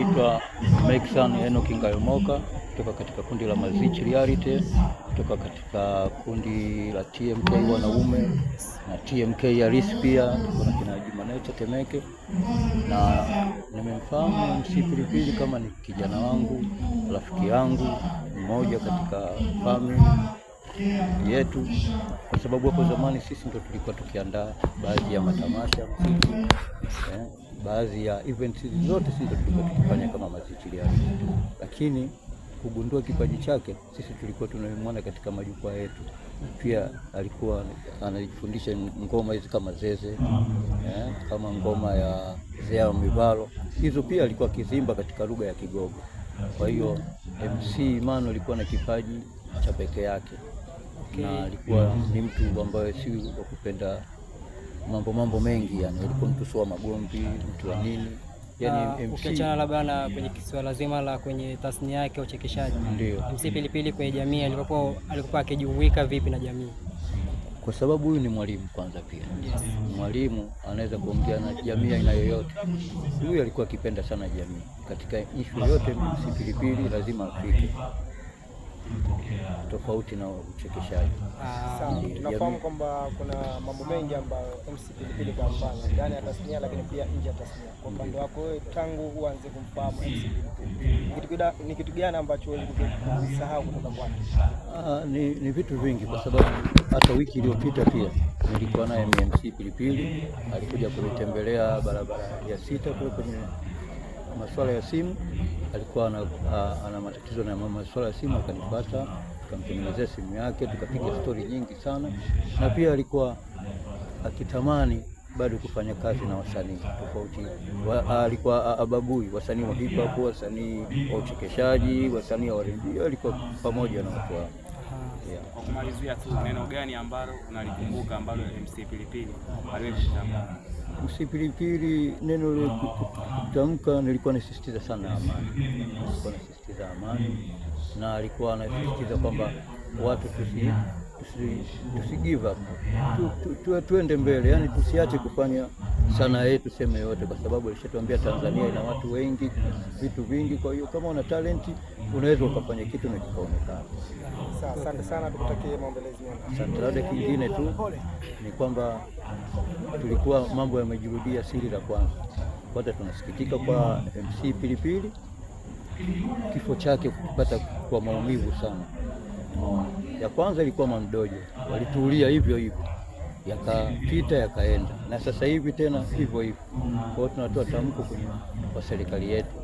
Naitwa Mikesan Enoki Ngayomoka kutoka katika kundi la Mazich Reality kutoka katika kundi la TMK wanaume na TMK ya pia tuko na kina Jumaneta Temeke, na nimemfahamu MC Pilipili kama ni kijana wangu, rafiki yangu mmoja katika family yetu kwa sababu hapo zamani sisi ndo tulikuwa tukiandaa baadhi ya matamasha baadhi ya events zote sisi tulikuwa tukifanya kama masiciliano, lakini kugundua kipaji chake sisi tulikuwa tunamwona katika majukwaa yetu. Pia alikuwa anajifundisha ngoma hizi kama zeze eh, kama ngoma ya zea mivalo, hizo pia alikuwa akizimba katika lugha ya Kigogo. Kwa hiyo MC Imano alikuwa na kipaji cha pekee yake, na alikuwa ni mtu ambaye si wa kupenda mambo mambo mengi yani, alikuwa mtu sio magomvi, mtu wa nini yani MC. Ukiachana labda na kwenye kisuala zima la kwenye tasnia yake uchekeshaji, ndio MC Pilipili kwenye jamii alikuwa alikuwa akijumuika vipi na jamii? Kwa sababu huyu ni mwalimu kwanza, pia yes. Mwalimu anaweza kuongea na jamii aina yoyote. Huyu alikuwa akipenda sana jamii katika ishu yote. MC Pilipili lazima afike tofauti na uchekeshaji. Tunafahamu ah, kwamba kuna mambo mengi ambayo MC Pilipili mfano ndani ya tasnia, lakini pia nje ya tasnia. Kwa upande wako wewe, tangu uanze kumfahamu MC hmm. Pilipili, ni kitu gani ambacho ulisahau kutoka kwake? Ah, ni, ni vitu vingi, kwa sababu hata wiki iliyopita pia nilikuwa naye MC Pilipili, alikuja kunitembelea barabara ya sita kule kwenye masuala ya simu alikuwa ana, ah, ana matatizo na masuala ya simu, akanipata tukamtengenezea simu yake, tukapiga stori nyingi sana, na pia alikuwa akitamani bado kufanya kazi na wasanii tofauti alikuwa ababui wasanii wa hip hop, wasanii wa uchekeshaji, wasanii wa R&B, alikuwa pamoja na watu wao. Yeah. Kwa kumalizia tu, neno gani ambalo unalikumbuka ambalo MC Pilipili aliwetamka? MC Pilipili, neno lile kutamka, nilikuwa nasisitiza sana amani, nilikuwa nasisitiza amani na alikuwa anasisitiza kwamba watu tusi tusigive up tu, tuende mbele, yani tusiache kufanya sanaa yetu sema yote kwa sababu alishatuambia Tanzania ina watu wengi, vitu vingi. Kwa hiyo kama una talenti unaweza ukafanya kitu na kikaonekana. Asante sana, tukutakie maombelezi mema. Asante. Labda kingine tu ni kwamba tulikuwa mambo yamejirudia siri la kwanza, kwanza tunasikitika kwa MC Pilipili kifo chake kupata kwa maumivu sana. Ya kwanza ilikuwa mamdojo, walitulia hivyo hivyo yakapita yakaenda, na sasa hivi tena hivyo hivyo. Kwa hiyo tunatoa tamko kwa serikali yetu.